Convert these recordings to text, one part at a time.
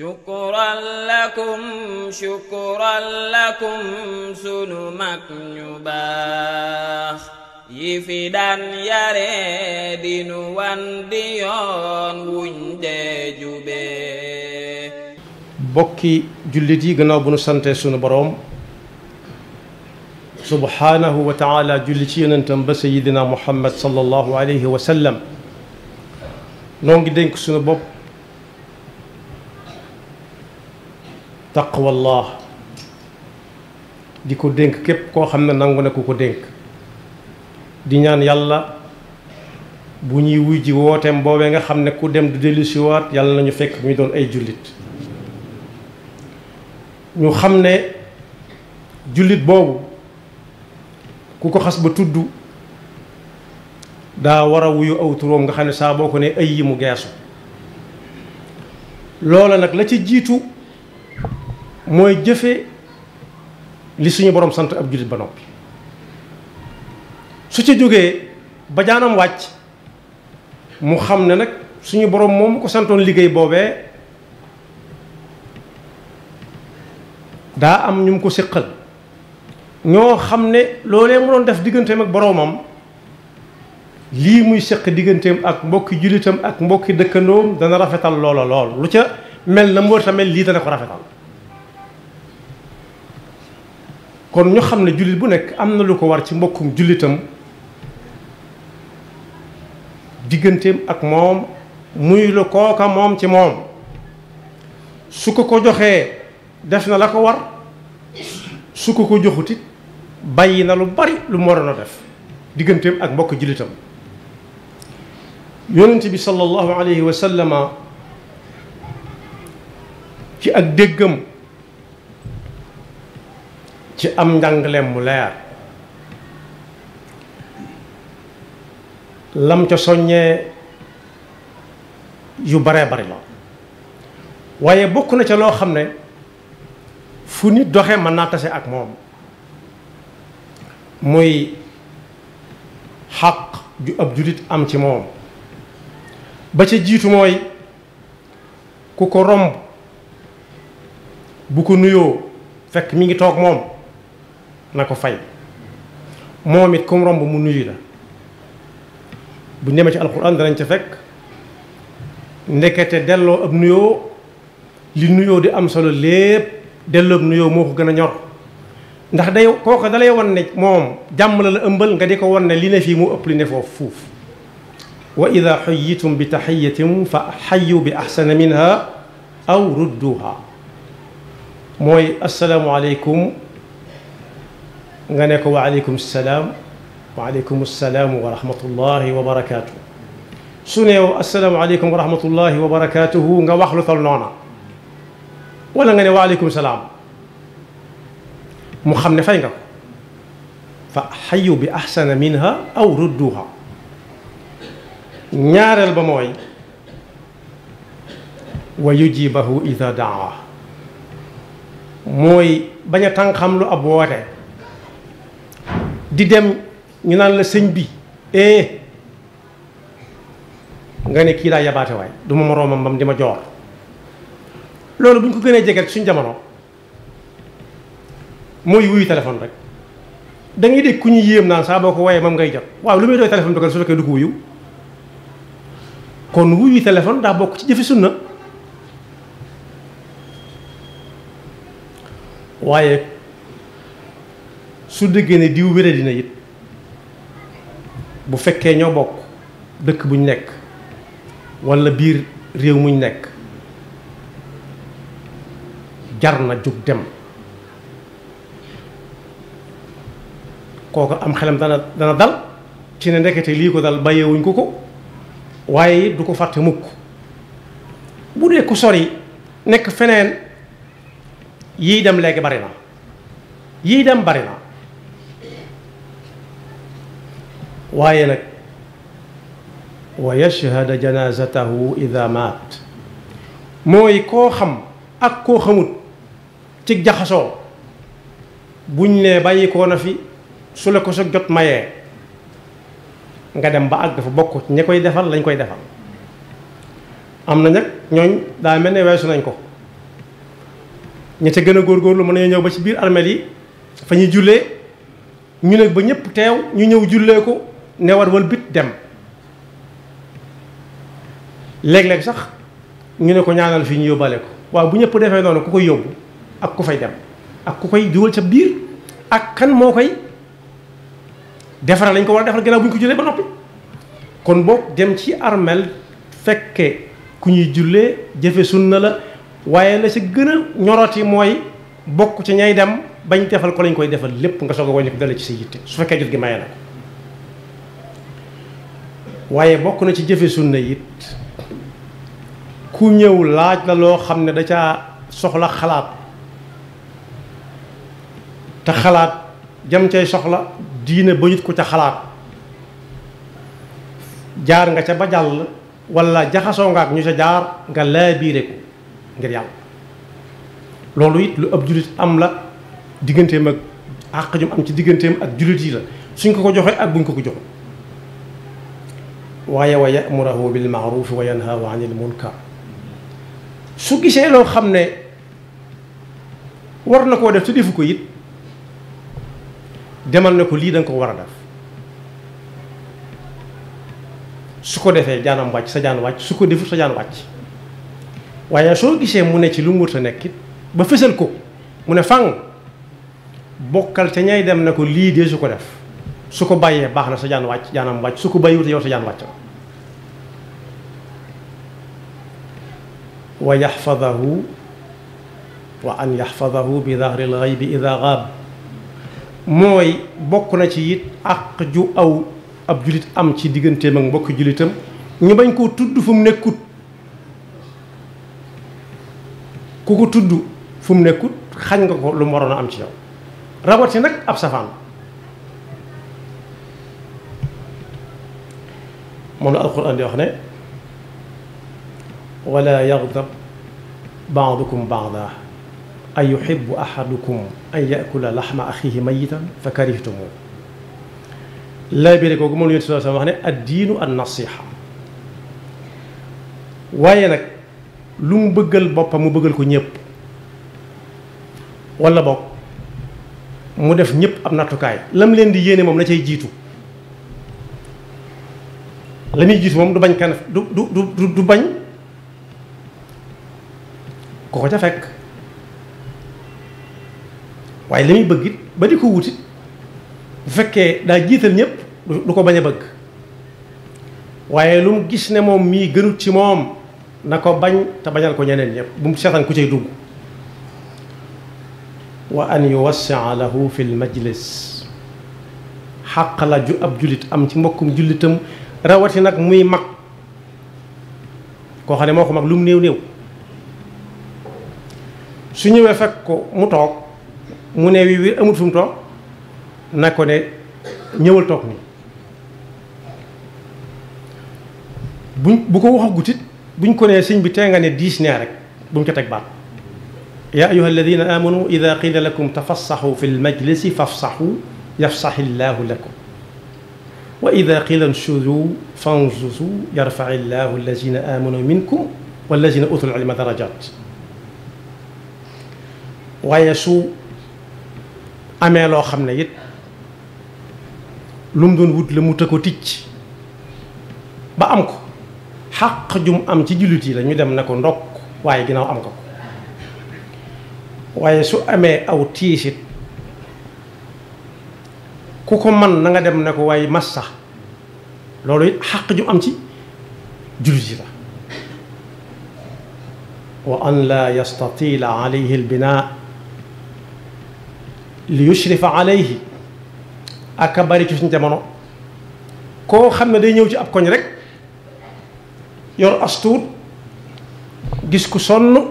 شكرا لكم شكرا لكم سنمك نباخ يفدان ياري دينو وان ديون وين جوبي بوكي جلدي غنو بنو سانتي سونو بروم سبحانه وتعالى جلتي ننتم سيدنا محمد صلى الله عليه وسلم نونغ دينك سونو بوب taqwallah di ko dénk képp koo xam ne nangu ne ku ko dénk di ñaan yàlla bu ñuy wuy ji wooteem boobee nga xam ne ku dem du dellusiwaat yàlla ñu fekk ñu doon ay jullit ñu xam ne jullit boobu ku ko xas ba tudd daa war a wuyu aw turóom nga xam ne saa boo ko ne ay yi mu geesu loola nag la ci jiitu mooy jëfe li suñu borom sant ab jullit ba noppi su ci jógee ba wàcc mu xam ne nag suñu borom moom ko santoon liggéey boobee daa am ñu mu ko séqal ñoo xam ne loolee mu doon def digganteem ak boroomam lii muy séq digganteem ak mbokki jullitam ak mbokki dëkkandoom dana rafetal loola lool lu ca mel na mu war mel lii dana ko rafetal kon ñu xamne julit bu nek amna lu ko war ci mbokum julitam digganteem ak mom muy lu ko ka mom ci mom su ko ko joxe def na la ko war su ko ko joxuti bayina lu bari lu mu waroon a def digganteem ak mbok julitam yonent bi sallallahu alayhi wa sallama ci ak déggam ci am njàngaleem mu leer lam ca soññee yu bare bari la waaye bokk na ca loo xam ne fu nit doxe ma naatase ak moom muy xaq ju ab julit am ci moom ba ca jiitu mooy ku ko romb bu ko nuyoo fekk mi ngi toog moom nako fay momit kum rombu mu nuyu la bu ñemee ci alquran dañ ci fekk ndekete dello ab nuyo li nuyo di am solo lépp dello ab nuyo moko gëna ñor ndax day kooka dalay won ne mom jam la la ëmbal nga di ko wan ne li ne fi mu ëpp li ne foofu fuf wa idha hayyitum bi taxiyatin fa hayyu bi ahsana minha aw rudduha moy assalamu alaykum غنيك وعليكم السلام وعليكم السلام ورحمة الله وبركاته سنيو السلام عليكم ورحمة الله وبركاته نغوخ لثلنونا ولا غني وعليكم السلام محمد فاينغا فحيوا بأحسن منها أو ردوها نيار البموي ويجيبه إذا دعاه موي بني تنخم لو di dem ñu naan la sëñ bi eh nga ne kii daa yabaate waay du ma moroomam bam di ma joor loolu duñ ñu ko gënee jege suñ jamono mooy wuyu téléphone rek da ngay dégg ku ñu yéem naan saa boo ko wayee moom ngay jot waaw lu muy doy téléphone bi kon su fekkee du ko wuyu kon wuyu téléphone daa bokk ci jëfe sunna waaye su déggee ne diw wéré dina it bu fekkee ñoo bokk dëkk buñ nekk walla biir réew muñ nekk jar na jóg dem kooku am xelam dana dana dal ci ne ndekete lii ko dal bàyyeewuñ ko ko waaye du ko fàtte mukk bu dee ku sori nekk feneen yii dem léegi bari na yii dem barina waaye nag wa yashhada janazatahu ida maat mooy koo xam ci jaxasoo buñ ne bàyyi na fi su ko sa jot mayee nga dem ba àgg dafa bokk ci ñi lañ koy defal am na ñooñ daa mel ne weesu nañ ko ñi ca gën a góorgóorlu mën nañu ñëw ba ci biir armeel yi fa ñuy jullee ñu nekk ba ñëpp teew ñu ñëw jullee ko ne war wëlbit dem léeg-léeg sax ñu ne ko ñaanal fii ñu yóbbaale ko waaw bu ñëpp defee noonu ku koy yóbbu ak ku fay dem ak ku koy dugal sa biir ak kan moo koy defaral lañ ko war a defal gannaaw bu ñu ko jullee ba noppi kon boog dem ci armeel fekke ku ñuy jullee jëfe sunna la waaye la si gën a ñoroti mooy bokk ci ñay dem bañ defal ko lañ koy defal lépp nga soog a wàññi ko dale ci sa yitte su fekkee jot gi maye na ko waaye bokk na ci jëfe sunna it ku ñëw laaj la loo xam ne da caa soxla xalaat te xalaat jam cay soxla diine ba ko ca xalaat jaar nga ca ba jàll wala jaxasoo nga ak ñu ca jaar nga laabiire ko ngir yàlla loolu it lu ab jullit am la digganteem ak àq jum am ci digganteem ak jullit yi la suñ ko ko joxee ak buñ ko ko joxee waaye wa yamurahu bil maaruf wa yanhaahu anil munkar su gisee loo xam ne war na koo def te defu it demal na ko lii da nga war a def su ko defee jaanam wàcc sa jaan wàcc su ko defut sa jaan wàcc waaye soo gisee mu ne ci lu mu sa nekk it ba fësal ko mu ne fang bokkal ca ñay dem na ko lii dee su ko def su ko bàyyee baax na sa jaan wàcc jaanam wàcc su ko bàyyiwut yow sa jaan wàcc wa yaxfadahu wa bi dahril xaybi bokk na ci it àq julit am ci digganteem ak mbokki julitam ñu bañ koo tudd fu mu nekkut ku ko tudd fu mu nekkut xañ nga ko lu mu waroon a am ci yow yi nag ab safaan من القرآن دي وخني ولا يغضب بعضكم بعضا أن يحب أحدكم أن يأكل لحم أخيه ميتا فكرهتموه لا بيرك وكمون يوسف صلى الله الدين النصيحة waaye nag lu mu bëggal boppam mu bëggal ko ñëpp wala boog mu def ñëpp am nattukaay lam leen di yéene moom na cay jiitu la muy gis moom du bañ kan du du du bañ ku ko ca fekk waaye la muy bëgg it ba di ko wutit bu fekkee daa jiital ñëpp du ko bañ a bëgg waaye lu mu gis ne moom mii gënut ci moom na ko bañ te bañal ko ñeneen ñëpp bu mu seetaan ku cay dugg wa an yuwassia lahu fi l majlis xàq la ju ab jullit am ci mbokkum jullitam rawati nak muy mag ko xane moko moo ko mag lu mu néew su ñewé fekk ko mu tok mu ne wi wi amul fu mu toog na ne ñëwal tok ni buñ bu ko wax gutit buñ ko ne sëñ bi tenga ne 10 ne rek buñ ko tek ba يا أيها الذين آمنوا إذا قيل لكم تفصحوا في المجلس فافصحوا يفصح الله لكم وإذا قيل انشذوا فانجزوا يرفع الله الذين آمنوا منكم والذين أوتوا العلم درجات ويسو أمي لو خمنا يت لمدون ود لموتكو تيج با أمكو حق جم أم تجلوتي لن يدم نكون روك واي جناو أمكو ويسو أمي أو تيشت ku ko man na nga dem ne ko waaye mas sax loolu it xaq ju am ci jullit yi la wa an laa yastatila alayhi albinaa li yushrifa alayhi ak a bari ci suñu jamono koo xam ne day ñëw ci ab koñ rek yor astuut gis ku sonn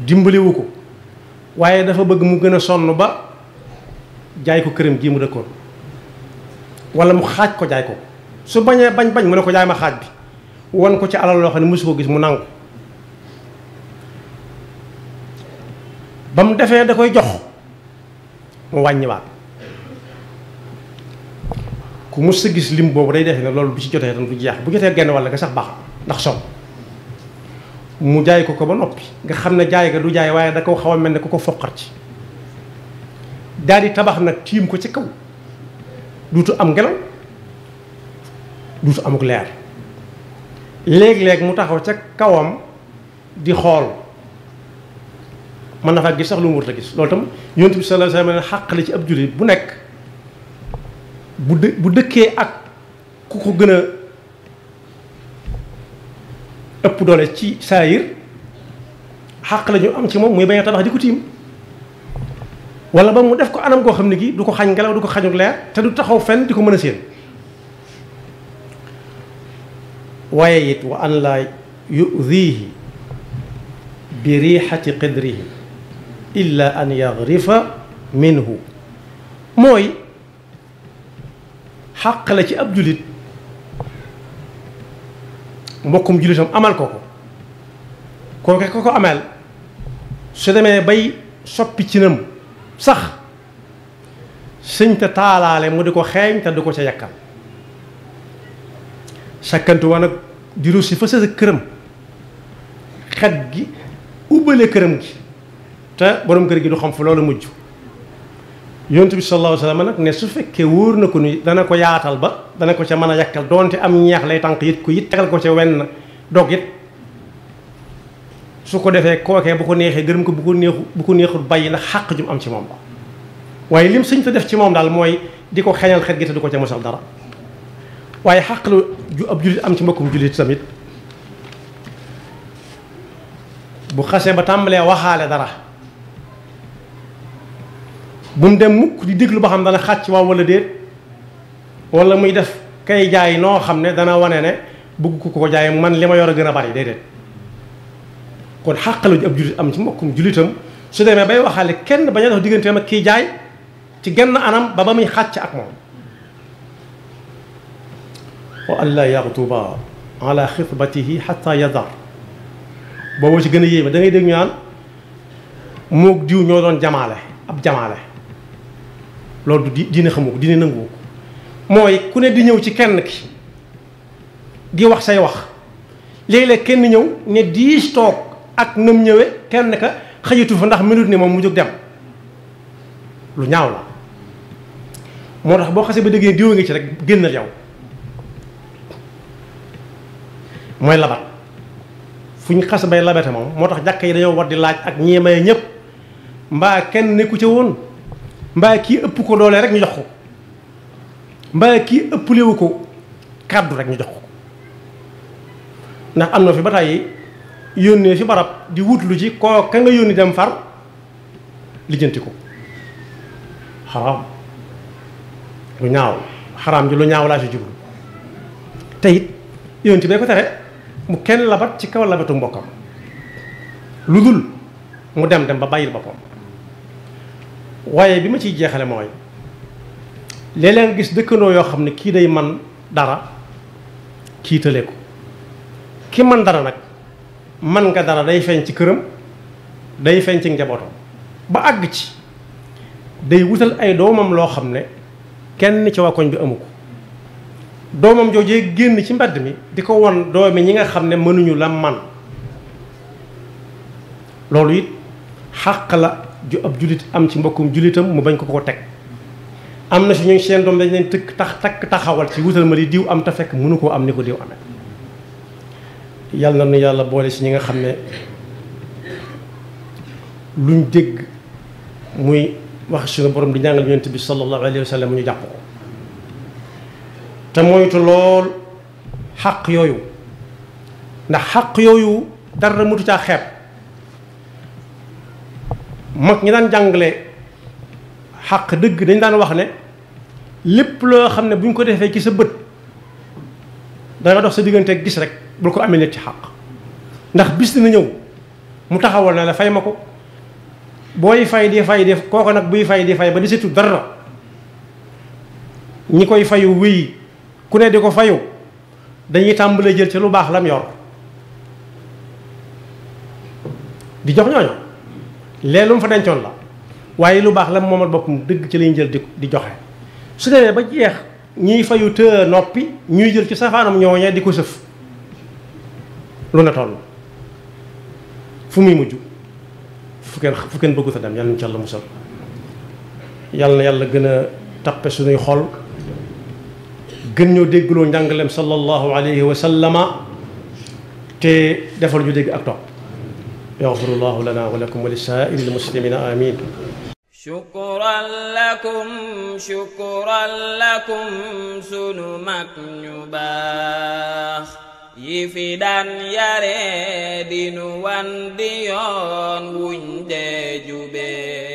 dimbaliwu ko waaye dafa bëgg mu gën a sonn ba jaay ko këram gii mu dëkkoon wala mu xaaj ko jaay ko su bañee bañ bañ mu ne ko jaay ma xaaj bi won ko ci alal loo xam ne mosu ko gis mu nangu ba mu defee da koy jox mu wàññiwaat ku mos a gis lim boobu day defe ne loolu bu ci jotee tam du jeex bu jotee genn walla nga sax baax ndax som mu jaay ko ko ba noppi nga xam ne jaay ga du jaay waaye da ko xaw a mel ne ku ko foqar ci daal di tabax nag tiim ko ci kaw duutu am ngelaw duutu amuk leer léeg-léeg mu taxaw ca kawam di xool man na faa gis sax lu mu warta gis loolu tam yonent bi sallallahu alayhi wasallam xàq la ci ab jullit bu nekk bu dë bu dëkkee ak ku ko gën a ëpp doole ci saayir xàq la ñu am ci moom muy bañ tabax di ko tiim wala ba mu def ko anam koo xam ne gi du ko xañ ngelaw du ko xañu leer te du taxaw fenn di ko mën a séen waaye it wa an laa yudihi bi riixati qidrihi illa an yagrifa minhu mooy xàq la ci ab julit mbokkum julitam amal ko ko kooke ko ko amal su demee bay soppi ci nam sax sëñ te taalaale mu di ko xeeñ te du ko ca yàkkal sakkantu wa nag di ruusi fa sa këram xet gi ubbale këram gi te boroom kër gi du xam fu loolu mujj yontu bi sallallahu alayhi wa nag ne su fekkee wóor na ko ni dana ko yaatal ba dana ko ca mën a yàkkal donte am ñeex lay tànk yit ko yit tegal ko ca wenn dog it suko defé koké bu ko nexé gërëm ko bu ko nexu bu ko nexul bàyyi la haq jum am ci mom la waaye lim sëñ fa def ci mom dal moy diko xeñal xet gi te du ci mosal dara waye haq lu ju ab julit am ci mbokum julit tamit bu xasse ba tambalé waxalé dara bu mu dem mukk di déglu ba xam dana xatch wa wala déet wala muy def kay jaay no xamne dana wane ne bëgg ko ko jaay man lima ma yor a bari déedéet kon xàq la ab julit am ci mbokum julitam su demé bay waxale kenn baña a digënté digganteem ak kii jaay ci genn anam ba bamuy muy xàcc ak mom wa alla laa yaxtuba ala xitbatihi xata yadar wo ci gëna a da ngay dégg naan moog diw ñoo doon jamaale ab jamaale loolu di dina xamu ko dina nangoo moy ku ne di ñëw ci kenn ki di wax say wax leeg kenn ñëw ne diis toog ak nam ñëwee kenn ka xëyatu fa ndax minute ni moom mu jóg dem lu ñaaw la moo tax boo xasee ba déggee diwa ngi ci rek génnal yaw mooy labat fu ñu xas bay labate moom moo tax jàkk yi dañoo war di laaj ak ñi maye ñëpp mbaa kenn nekku ca woon mbaa kii ëpp ko doole rek ñu jox ko mbaa kii ëpp ëpplewu ko kàddu rek ñu jox ko ndax am na fi ba tàyyi yónnee fi barab di wut lu koo ka nga yónni dem far lijjanti ko xaraam lu ñaaw xaraam ji lu ñaaw laa si jublu te it yónni bee ko tere mu kenn labat ci kaw labatu mbokkam lu dul mu dem dem ba bàyyil boppam waaye bi ma ciy jeexale mooy léeg gis dëkkandoo yoo xam ne kii day man dara kiitale ko ki man dara nag man nga dara day feeñ ci këram day feeñ ci njabootam ba àgg ci day wutal ay doomam loo xam ne kenn ci waa koñ bi amu doomam joojee génn ci mbedd mi di ko won doomi ñi nga xam ne mënuñu la man loolu yit xaq la ju ab julit am ci mbokkum julitam mu bañ ko ko teg am na si ñu seen doom dañ leen tëkk tax takk taxawal ci wutal ma li diw am te fekk mënu koo am ni ko diw amee yàlla na yàlla boole si ñi nga xam ne luñ dégg muy wax suñu borom di jàngal yonent bi sallallahu alayhi wa sallam ñu jàpp ko te moytu lool xaq yooyu ndax xaq yooyu dara mutu caa xeeb mag ñi daan jàngale xàq dëgg dañ daan wax ne lépp loo xam ne buñ ko defee ci sa bët danga dox sa diggante gis rek bul ko amee nit ci xàq ndax bis dina ñëw mu taxawal na la fay ma ko booy fay di fay di kooku nag buy fay di fay ba di situ dara ñi koy fayu wéy ku ne di ko fayu dañuy tàmbale jël ci lu baax lam yor di jox ñooñu lee lu mu fa dencoon la waaye lu baax lam moomal boppam dëgg ci lañu jël di di joxe su demee ba jeex ñiy fayu të noppi ñuy jël ci safaanam ñooñee di ko sëf لونا تولو فمي موجو فكن فكن بغوت ادم يالنا ان شاء الله مسال يالنا يالا غنا تابي سوني خول غن ньо دغلو نانغلم صلى الله عليه وسلم تي دافور جو ديغ اك توب يغفر الله لنا ولكم وللسائر المسلمين امين شكرا لكم شكرا لكم سنو مكنوباخ yi fi daan yare dinu wan di yoon wuñ dee